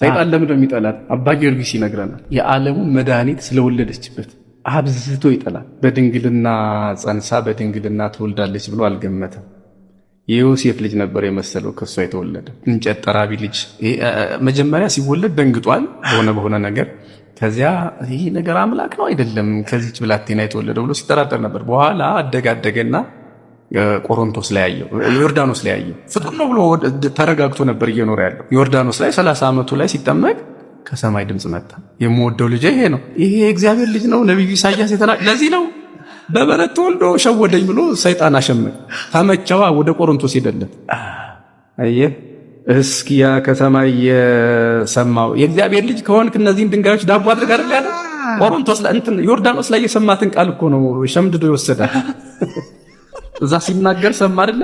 ሰይጣን ለምን የሚጠላት? አባ ጊዮርጊስ ይነግረናል። የዓለሙ መድኃኒት ስለወለደችበት አብዝቶ ይጠላል። በድንግልና ጸንሳ በድንግልና ትወልዳለች ብሎ አልገመተም። የዮሴፍ ልጅ ነበር የመሰለው ከእሷ የተወለደ እንጨት ጠራቢ ልጅ። መጀመሪያ ሲወለድ ደንግጧል፣ በሆነ በሆነ ነገር። ከዚያ ይህ ነገር አምላክ ነው አይደለም፣ ከዚች ብላቴና የተወለደ ብሎ ሲጠራጠር ነበር። በኋላ አደጋደገና ቆሮንቶስ ላይ ያየው ዮርዳኖስ ላይ ያየው ፍጡር ነው ብሎ ተረጋግቶ ነበር እየኖረ ያለው። ዮርዳኖስ ላይ ሰላሳ ዓመቱ ላይ ሲጠመቅ ከሰማይ ድምፅ መጣ። የምወደው ልጅ ይሄ ነው፣ ይሄ እግዚአብሔር ልጅ ነው። ነቢዩ ኢሳያስ የተና ለዚህ ነው በበረት ተወልዶ ሸወደኝ ብሎ ሰይጣን አሸመቅ ተመቸዋ። ወደ ቆሮንቶስ ሄደለት። አየህ እስኪ ያ ከሰማይ የሰማው የእግዚአብሔር ልጅ ከሆንክ እነዚህን ድንጋዮች ዳቦ አድርግ አደለ። ቆሮንቶስ ዮርዳኖስ ላይ የሰማትን ቃል እኮ ነው ሸምድዶ ይወሰዳል። እዛ ሲናገር ሰማ አይደለ?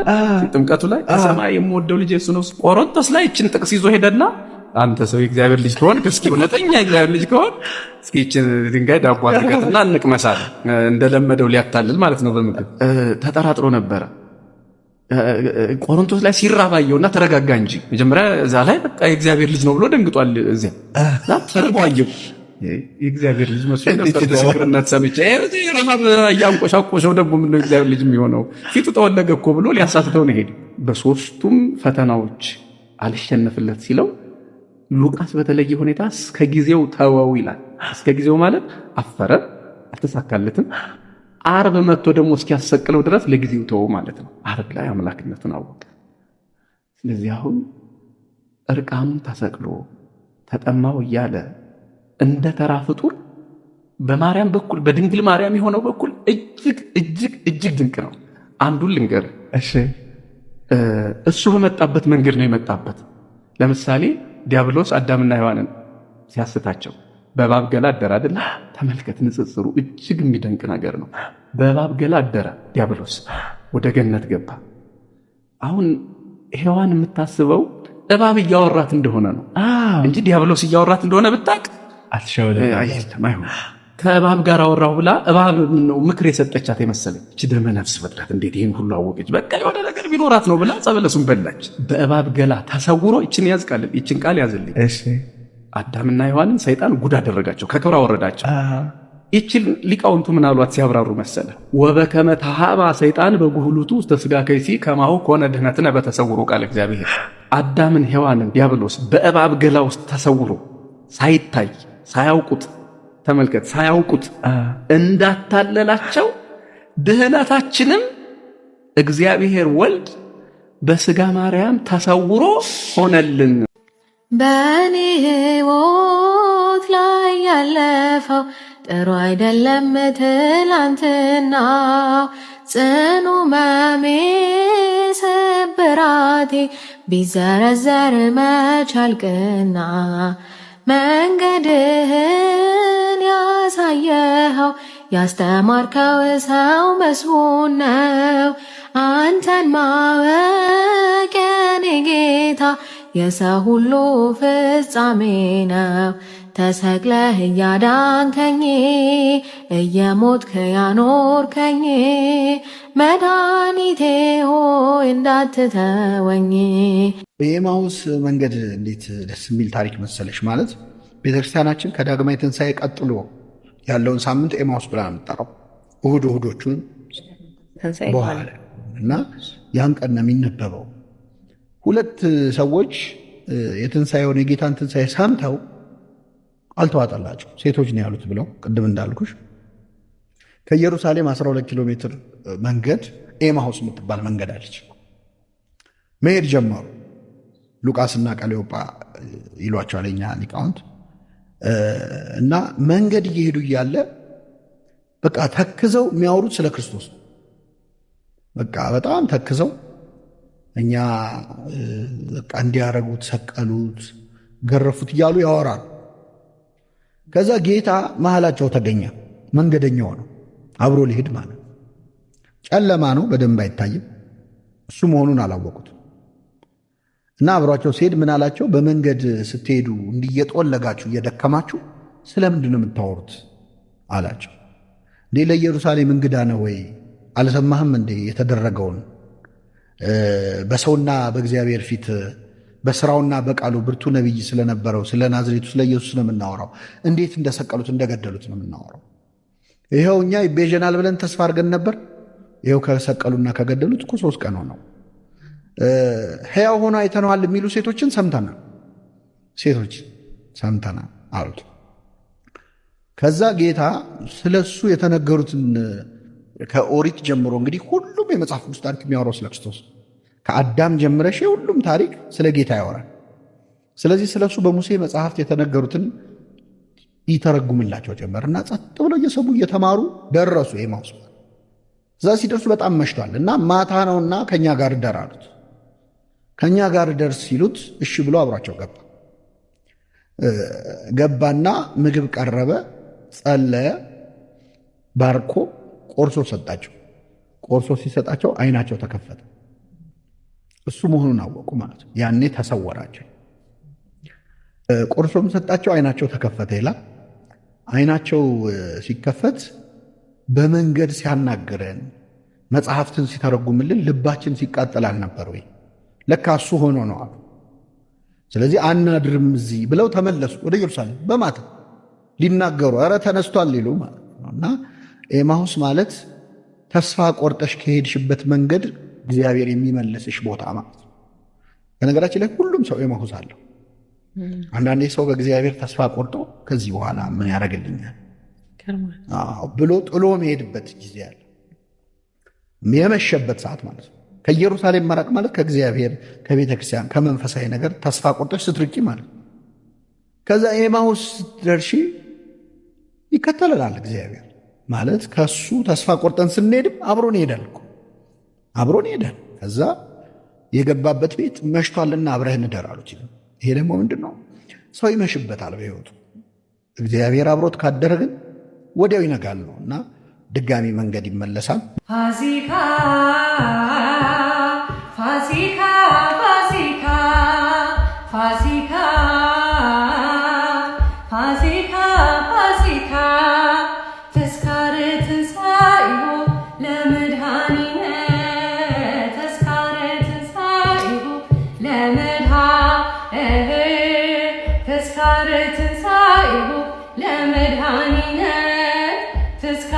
ጥምቀቱ ላይ ከሰማይ የምወደው ልጅ እሱ ነው። ቆሮንቶስ ላይ ይችን ጥቅስ ይዞ ሄደና አንተ ሰው የእግዚአብሔር ልጅ ከሆንክ እስኪ እውነተኛ የእግዚአብሔር ልጅ ከሆን እስኪ ይችን ድንጋይ ዳቦ አድርጋትና እንቅመሳል። እንደለመደው ሊያታልል ማለት ነው። በምግብ ተጠራጥሮ ነበረ። ቆሮንቶስ ላይ ሲራባየውና ተረጋጋ እንጂ መጀመሪያ እዛ ላይ በቃ የእግዚአብሔር ልጅ ነው ብሎ ደንግጧል። እዚያ ተርባየው የእግዚአብሔር ልጅ መስሎኝ ነበር። ሰምቼ ረሃብ እያንቆሻቆሸው ደግሞ ምነው እግዚአብሔር ልጅ የሚሆነው ፊቱ ጠወለገ እኮ ብሎ ሊያሳስተው ነው ሄደ። በሶስቱም ፈተናዎች አልሸነፍለት ሲለው ሉቃስ በተለየ ሁኔታ እስከ ጊዜው ተወው ይላል። እስከ ጊዜው ማለት አፈረ፣ አልተሳካለትም። አርብ መጥቶ ደግሞ እስኪያሰቅለው ድረስ ለጊዜው ተወ ማለት ነው። አርብ ላይ አምላክነቱን አወቀ። ስለዚህ አሁን እርቃኑን ተሰቅሎ ተጠማው እያለ እንደ ተራ ፍጡር በማርያም በኩል በድንግል ማርያም የሆነው በኩል እጅግ እጅግ እጅግ ድንቅ ነው። አንዱን ልንገር እሱ በመጣበት መንገድ ነው የመጣበት። ለምሳሌ ዲያብሎስ አዳምና ሔዋንን ሲያስታቸው በእባብ ገላ አደረ አይደል? ተመልከት፣ ንጽጽሩ እጅግ የሚደንቅ ነገር ነው። በእባብ ገላ አደረ ዲያብሎስ፣ ወደ ገነት ገባ። አሁን ሔዋን የምታስበው እባብ እያወራት እንደሆነ ነው እንጂ ዲያብሎስ እያወራት እንደሆነ ብታቅ አትሸወደ ከእባብ ጋር አወራሁ ብላ እባብ ነው ምክር የሰጠቻት የመሰለኝ። እች ደመ ነፍስ ፍጥረት እንዴት ይህን ሁሉ አወቀች? በቃ የሆነ ነገር ቢኖራት ነው ብላ ጸበለሱን በላች። በእባብ ገላ ተሰውሮ ይችን ያዝቃል። ይችን ቃል ያዝልኝ። አዳምና ሔዋንን ሰይጣን ጉድ አደረጋቸው፣ ከክብር አወረዳቸው። ይችን ሊቃውንቱ ምን ሲያብራሩ መሰለ ወበከመ ተሃባ ሰይጣን በጉህሉቱ ውስተ ስጋ ከይሲ ከማሁ ከሆነ ድህነትነ በተሰውሮ ቃል እግዚአብሔር አዳምን ሔዋንን ዲያብሎስ በእባብ ገላ ውስጥ ተሰውሮ ሳይታይ ሳያውቁት ተመልከት፣ ሳያውቁት እንዳታለላቸው ድህነታችንም እግዚአብሔር ወልድ በስጋ ማርያም ተሰውሮ ሆነልን። በእኔ ሕይወት ላይ ያለፈው ጥሩ አይደለም ትላንትና ጽኑ መሜ ስብራቴ ቢዘረዘር መቻልቅና መንገድህን ያሳየኸው ያስተማርከው ሰው መስሁን ነው። አንተን ማወቅ የኔ ጌታ የሰው ሁሉ ፍጻሜ ነው። ተሰቅለህ እያዳንከኝ እየሞትክ ያኖርከኝ መድኃኒቴ ሆይ እንዳትተወኝ በኤማሁስ መንገድ እንዴት ደስ የሚል ታሪክ መሰለች ማለት ቤተክርስቲያናችን ከዳግማዊ ትንሣኤ ቀጥሎ ያለውን ሳምንት ኤማውስ ብላ ነው የምጠራው። እሁድ እሁዶቹን በኋላ እና ያን ቀን ነው የሚነበበው። ሁለት ሰዎች የትንሣኤውን የጌታን ትንሣኤ ሰምተው አልተዋጠላቸው። ሴቶች ነው ያሉት ብለው ቅድም እንዳልኩሽ ከኢየሩሳሌም 12 ኪሎ ሜትር መንገድ ኤማሁስ የምትባል መንገድ አለች። መሄድ ጀመሩ። ሉቃስና ቀሌዮጳ ይሏቸዋል የኛ ሊቃውንት። እና መንገድ እየሄዱ እያለ በቃ ተክዘው የሚያወሩት ስለ ክርስቶስ በቃ በጣም ተክዘው እኛ በቃ እንዲያረጉት ሰቀሉት፣ ገረፉት እያሉ ያወራሉ። ከዛ ጌታ መሀላቸው ተገኘ። መንገደኛው ነው፣ አብሮ ሊሄድ ማለት ጨለማ ነው፣ በደንብ አይታይም። እሱ መሆኑን አላወቁት። እና አብሯቸው ሲሄድ ምን አላቸው? በመንገድ ስትሄዱ እንዲየጦለጋችሁ እየደከማችሁ ስለምንድን ነው የምታወሩት አላቸው። እንዴ ለኢየሩሳሌም እንግዳ ነው ወይ አልሰማህም እንዴ? የተደረገውን በሰውና በእግዚአብሔር ፊት በስራውና በቃሉ ብርቱ ነቢይ ስለነበረው ስለ ናዝሬቱ ስለ ኢየሱስ ነው የምናወራው። እንዴት እንደሰቀሉት እንደገደሉት ነው የምናወራው። ይኸው እኛ ይቤዠናል ብለን ተስፋ አድርገን ነበር። ይኸው ከሰቀሉና ከገደሉት እኮ ሶስት ቀን ሆነው ሕያው ሆኖ አይተነዋል የሚሉ ሴቶችን ሰምተናል፣ ሴቶች ሰምተናል አሉት። ከዛ ጌታ ስለ እሱ የተነገሩትን ከኦሪት ጀምሮ እንግዲህ ሁሉም የመጽሐፍ ቅዱስ ታሪክ የሚያወራው ስለ ክርስቶስ ከአዳም ጀምረሽ ሁሉም ታሪክ ስለ ጌታ ያወራል። ስለዚህ ስለ እሱ በሙሴ መጽሐፍት የተነገሩትን ይተረጉምላቸው ጀመር እና ጸጥ ብሎ እየሰሙ እየተማሩ ደረሱ። የማውስ እዛ ሲደርሱ በጣም መሽቷል እና ማታ ነውና ከእኛ ጋር እደር አሉት። ከእኛ ጋር ደርስ ሲሉት እሺ ብሎ አብሯቸው ገባ። ገባና ምግብ ቀረበ፣ ጸለየ፣ ባርኮ ቆርሶ ሰጣቸው። ቆርሶ ሲሰጣቸው አይናቸው ተከፈተ። እሱ መሆኑን አወቁ ማለት ነው። ያኔ ተሰወራቸው። ቆርሶም ሰጣቸው፣ አይናቸው ተከፈተ ይላል። አይናቸው ሲከፈት በመንገድ ሲያናግረን፣ መጽሐፍትን ሲተረጉምልን ልባችን ሲቃጠል አልነበር ወይ? ለካ እሱ ሆኖ ነው አሉ። ስለዚህ አናድርም እዚህ ብለው ተመለሱ ወደ ኢየሩሳሌም በማታ ሊናገሩ፣ ኧረ ተነስቷል ሊሉ ማለት ነው። እና ኤማሁስ ማለት ተስፋ ቆርጠሽ ከሄድሽበት መንገድ እግዚአብሔር የሚመልስሽ ቦታ ማለት ነው። በነገራችን ላይ ሁሉም ሰው ኤማሁስ አለው። አንዳንዴ ሰው በእግዚአብሔር ተስፋ ቆርጦ ከዚህ በኋላ ምን ያደርግልኛል ብሎ ጥሎ መሄድበት ጊዜ አለ። የመሸበት ሰዓት ማለት ነው። ከኢየሩሳሌም መራቅ ማለት ከእግዚአብሔር ከቤተ ክርስቲያን ከመንፈሳዊ ነገር ተስፋ ቆርጦች ስትርቂ ማለት ከዛ ኤማሁስ ደርሺ ይከተለላል እግዚአብሔር ማለት ከሱ ተስፋ ቆርጠን ስንሄድም አብሮን ይሄዳል አብሮን ይሄዳል ከዛ የገባበት ቤት መሽቷልና አብረህ እንደር አሉት ይሄ ደግሞ ምንድን ነው ሰው ይመሽበታል በህይወቱ እግዚአብሔር አብሮት ካደረ ግን ወዲያው ይነጋል ነው እና ድጋሚ መንገድ ይመለሳል። ፋሲካ ፋሲካ ፋሲካ ለመድኃኒነ ተስካረ ትንሣኤሁ ለመድኃኒነ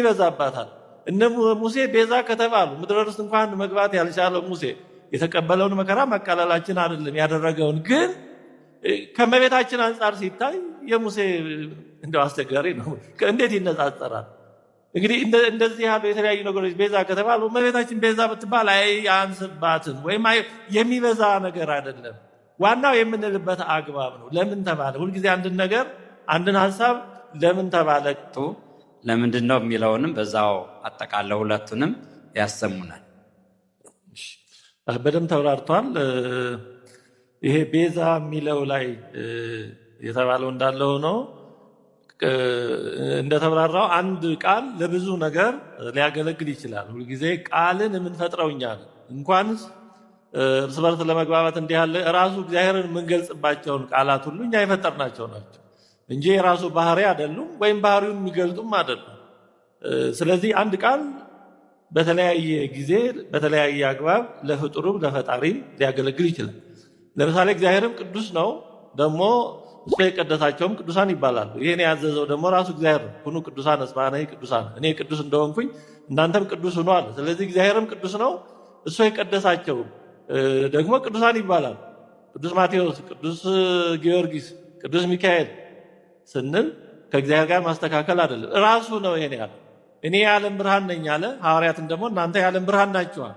ይበዛባታል። እነ ሙሴ ቤዛ ከተባሉ ምድረ ርስት እንኳን መግባት ያልቻለው ሙሴ የተቀበለውን መከራ መቀለላችን አይደለም ያደረገውን ግን ከመቤታችን አንጻር ሲታይ የሙሴ እንደ አስቸጋሪ ነው። እንዴት ይነጻጸራል? እንግዲህ እንደዚህ ያሉ የተለያዩ ነገሮች ቤዛ ከተባሉ እመቤታችን ቤዛ ብትባል አያንስባትም፣ ወይም የሚበዛ ነገር አይደለም። ዋናው የምንልበት አግባብ ነው። ለምን ተባለ? ሁልጊዜ አንድን ነገር አንድን ሀሳብ ለምን ተባለ ለምንድን ነው የሚለውንም በዛው አጠቃለ ሁለቱንም ያሰሙናል። በደንብ ተብራርቷል። ይሄ ቤዛ የሚለው ላይ የተባለው እንዳለ ሆኖ እንደተብራራው አንድ ቃል ለብዙ ነገር ሊያገለግል ይችላል። ሁልጊዜ ቃልን የምንፈጥረው እኛ እንኳን እርስ በርስ ለመግባባት እንዲህ ያለ ራሱ እግዚአብሔርን የምንገልጽባቸውን ቃላት ሁሉ እኛ የፈጠርናቸው ናቸው። እንጂ የራሱ ባህሪ አይደሉም፣ ወይም ባህሪውን የሚገልጡም አይደሉም። ስለዚህ አንድ ቃል በተለያየ ጊዜ በተለያየ አግባብ ለፍጡሩም ለፈጣሪም ሊያገለግል ይችላል። ለምሳሌ እግዚአብሔርም ቅዱስ ነው፣ ደግሞ እሱ የቀደሳቸውም ቅዱሳን ይባላሉ። ይህን ያዘዘው ደግሞ ራሱ እግዚአብሔር ነው። ሁኑ ቅዱሳን እስማነ ቅዱሳን፣ እኔ ቅዱስ እንደሆንኩኝ እናንተም ቅዱስ ሁኑ አለ። ስለዚህ እግዚአብሔርም ቅዱስ ነው፣ እሱ የቀደሳቸው ደግሞ ቅዱሳን ይባላሉ። ቅዱስ ማቴዎስ፣ ቅዱስ ጊዮርጊስ፣ ቅዱስ ሚካኤል ስንል ከእግዚአብሔር ጋር ማስተካከል አይደለም፣ ራሱ ነው ይሄን ያለ። እኔ የዓለም ብርሃን ነኝ አለ። ሐዋርያትን ደግሞ እናንተ የዓለም ብርሃን ናችኋል።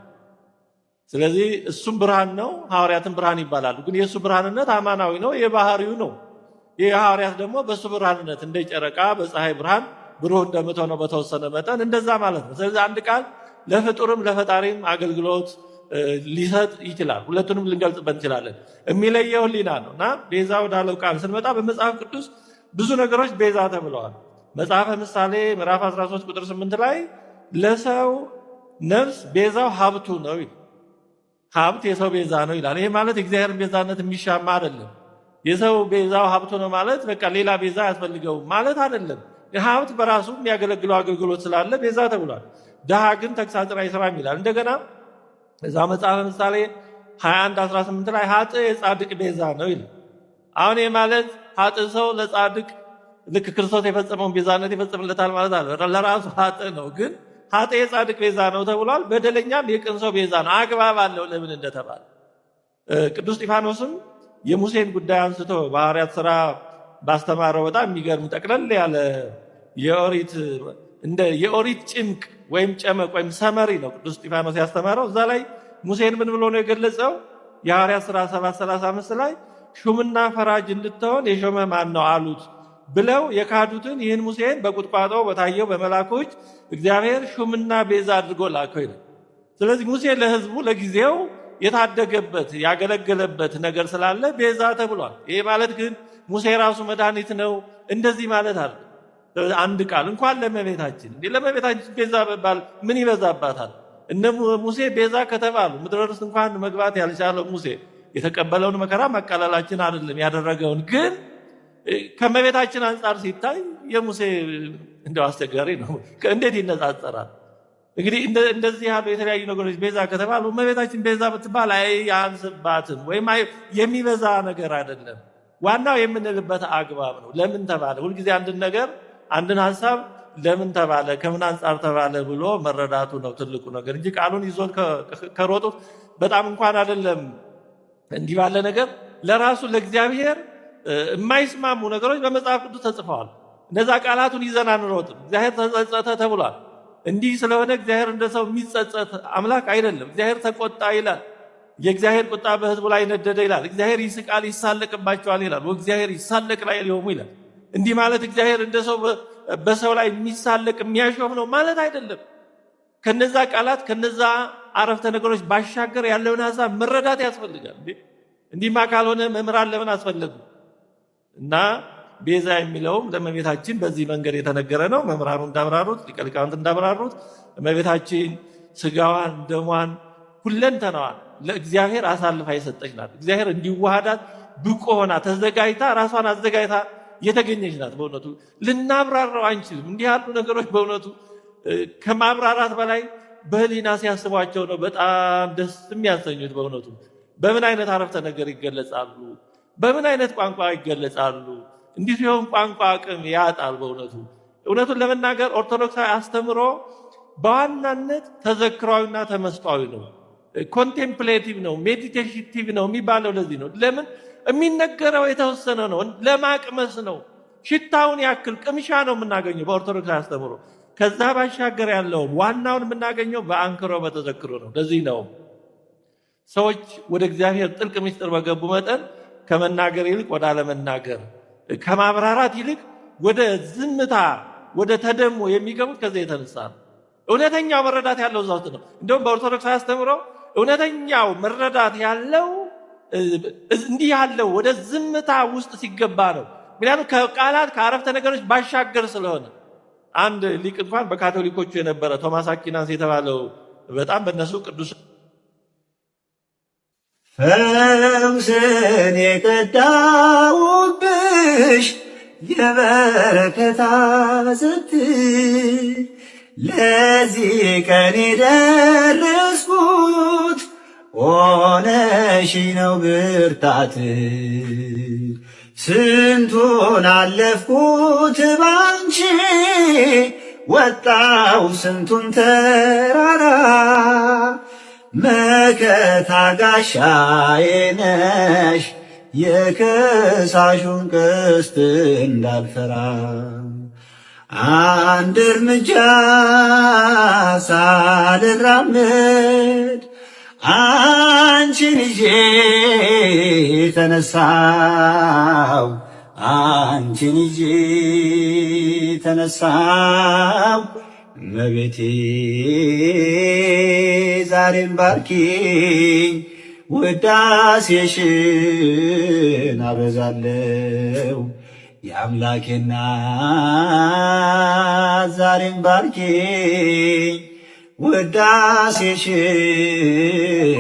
ስለዚህ እሱም ብርሃን ነው፣ ሐዋርያትን ብርሃን ይባላሉ። ግን የእሱ ብርሃንነት አማናዊ ነው፣ የባህሪው ነው። የሐዋርያት ደግሞ በእሱ ብርሃንነት እንደ ጨረቃ በፀሐይ ብርሃን ብሩህ እንደምትሆነው በተወሰነ መጠን እንደዛ ማለት ነው። ስለዚህ አንድ ቃል ለፍጡርም ለፈጣሪም አገልግሎት ሊሰጥ ይችላል። ሁለቱንም ልንገልጽበት እንችላለን። የሚለየው ሕሊና ነው እና ቤዛ ወዳለው ቃል ስንመጣ በመጽሐፍ ቅዱስ ብዙ ነገሮች ቤዛ ተብለዋል። መጽሐፈ ምሳሌ ምዕራፍ 13 ቁጥር 8 ላይ ለሰው ነፍስ ቤዛው ሀብቱ ነው ይል ሀብት የሰው ቤዛ ነው ይላል። ይሄ ማለት እግዚአብሔር ቤዛነት የሚሻማ አይደለም። የሰው ቤዛው ሀብቱ ነው ማለት በቃ ሌላ ቤዛ አያስፈልገውም ማለት አይደለም። ሀብት በራሱ የሚያገለግለው አገልግሎት ስላለ ቤዛ ተብሏል። ድሃ ግን ተግሳጽን አይሰማም ይላል። እንደገና እዛ መጽሐፈ ምሳሌ 21 18 ላይ ሀጥ የጻድቅ ቤዛ ነው ይላል። አሁን ይህ ማለት ሀጥ ሰው ለጻድቅ ልክ ክርስቶስ የፈጸመውን ቤዛነት ይፈጽምለታል ማለት አለ። ለራሱ ሀጥ ነው፣ ግን ሀጥ የጻድቅ ቤዛ ነው ተብሏል። በደለኛም የቅን ሰው ቤዛ ነው። አግባብ አለው ለምን እንደተባለ። ቅዱስ እስጢፋኖስም የሙሴን ጉዳይ አንስቶ በሐዋርያት ሥራ ባስተማረው በጣም የሚገርም ጠቅለል ያለ የኦሪት እንደ የኦሪት ጭምቅ ወይም ጨመቅ ወይም ሰመሪ ነው ቅዱስ እስጢፋኖስ ያስተማረው። እዛ ላይ ሙሴን ምን ብሎ ነው የገለጸው? የሐዋርያት ሥራ 7፡35 ላይ ሹምና ፈራጅ እንድትሆን የሾመ ማን ነው አሉት ብለው የካዱትን ይህን ሙሴን በቁጥቋጦ በታየው በመላኮች እግዚአብሔር ሹምና ቤዛ አድርጎ ላከው ይላል። ስለዚህ ሙሴ ለሕዝቡ ለጊዜው የታደገበት ያገለገለበት ነገር ስላለ ቤዛ ተብሏል። ይሄ ማለት ግን ሙሴ ራሱ መድኃኒት ነው እንደዚህ ማለት አለ። አንድ ቃል እንኳን ለመቤታችን ለመቤታችን ቤዛ በባል ምን ይበዛባታል? እነ ሙሴ ቤዛ ከተባሉ ምድረ ርስት እንኳን መግባት ያልቻለው ሙሴ የተቀበለውን መከራ መቀለላችን አይደለም ያደረገውን ግን ከመቤታችን አንጻር ሲታይ የሙሴ እንደው አስቸጋሪ ነው። እንዴት ይነጻጸራል? እንግዲህ እንደዚህ ያሉ የተለያዩ ነገሮች ቤዛ ከተባሉ እመቤታችን ቤዛ ብትባል አይ ያንስባትም ወይም የሚበዛ ነገር አይደለም። ዋናው የምንልበት አግባብ ነው። ለምን ተባለ? ሁልጊዜ አንድን ነገር አንድን ሀሳብ ለምን ተባለ፣ ከምን አንጻር ተባለ ብሎ መረዳቱ ነው ትልቁ ነገር እንጂ ቃሉን ይዞን ከሮጡት በጣም እንኳን አይደለም እንዲህ ባለ ነገር ለራሱ ለእግዚአብሔር የማይስማሙ ነገሮች በመጽሐፍ ቅዱስ ተጽፈዋል። እነዛ ቃላቱን ይዘን አንሮጥም። እግዚአብሔር ተጸጸተ ተብሏል። እንዲህ ስለሆነ እግዚአብሔር እንደ ሰው የሚጸጸት አምላክ አይደለም። እግዚአብሔር ተቆጣ ይላል። የእግዚአብሔር ቁጣ በሕዝቡ ላይ ነደደ ይላል። እግዚአብሔር ይስቃል ይሳለቅባቸዋል ይላል። ወእግዚአብሔር ይሳለቅ ላይ ሊሆሙ ይላል። እንዲህ ማለት እግዚአብሔር እንደ ሰው በሰው ላይ የሚሳለቅ የሚያሾፍ ነው ማለት አይደለም። ከነዛ ቃላት ከነዛ አረፍተ ነገሮች ባሻገር ያለውን ሀሳብ መረዳት ያስፈልጋል። እንዲህማ ካልሆነ መምህራን ለምን አስፈለጉ? እና ቤዛ የሚለውም ለእመቤታችን በዚህ መንገድ የተነገረ ነው። መምህራኑ እንዳብራሩት፣ ሊቀ ሊቃውንት እንዳብራሩት እመቤታችን ስጋዋን፣ ደሟን፣ ሁለንተናዋን ለእግዚአብሔር አሳልፋ የሰጠች ናት። እግዚአብሔር እንዲዋሃዳት ብቁ ሆና ተዘጋጅታ ራሷን አዘጋጅታ የተገኘች ናት። በእውነቱ ልናብራራው አንችልም። እንዲህ ያሉ ነገሮች በእውነቱ ከማብራራት በላይ በህሊና ሲያስቧቸው ነው በጣም ደስ የሚያሰኙት። በእውነቱ በምን አይነት አረፍተ ነገር ይገለጻሉ? በምን አይነት ቋንቋ ይገለጻሉ? እንዲህ ሲሆን ቋንቋ አቅም ያጣል። በእውነቱ እውነቱን ለመናገር ኦርቶዶክሳዊ አስተምሮ በዋናነት ተዘክሯዊና ተመስጧዊ ነው። ኮንቴምፕሌቲቭ ነው፣ ሜዲቴሽቲቭ ነው የሚባለው ለዚህ ነው። ለምን የሚነገረው የተወሰነ ነው፣ ለማቅመስ ነው። ሽታውን ያክል ቅምሻ ነው የምናገኘው በኦርቶዶክሳዊ አስተምሮ ከዛ ባሻገር ያለውን ዋናውን የምናገኘው በአንክሮ በተዘክሮ ነው። ለዚህ ነው ሰዎች ወደ እግዚአብሔር ጥልቅ ምስጢር በገቡ መጠን ከመናገር ይልቅ ወደ አለመናገር፣ ከማብራራት ይልቅ ወደ ዝምታ፣ ወደ ተደሞ የሚገቡት ከዚህ የተነሳ ነው። እውነተኛው መረዳት ያለው እዛ ውስጥ ነው። እንደውም በኦርቶዶክስ አስተምሮ እውነተኛው መረዳት ያለው እንዲህ ያለው ወደ ዝምታ ውስጥ ሲገባ ነው። ምክንያቱም ከቃላት ከአረፍተ ነገሮች ባሻገር ስለሆነ አንድ ሊቅ እንኳን በካቶሊኮቹ የነበረ ቶማስ አኪናንስ የተባለው በጣም በእነሱ ቅዱስ ፈውስን የቀዳውብሽ የበረከታ መሰት ለዚህ ቀን የደረስኩት ሆነሽ ነው ብርታት ስንቱን አለፍኩት ባንቺ ወጣው ስንቱን ተራራ መከታ ጋሻዬ ነሽ የከሳሹን ቀስት እንዳልፈራ አንድ እርምጃ ሳልራመድ አንቺን ይዤ ተነሳው አንቺን ይዤ ተነሳው መቤቴ ዛሬን ባርኪኝ ውዳሴሽን አበዛለው የአምላኬና ዛሬን ባርኪኝ ውዳሴሽን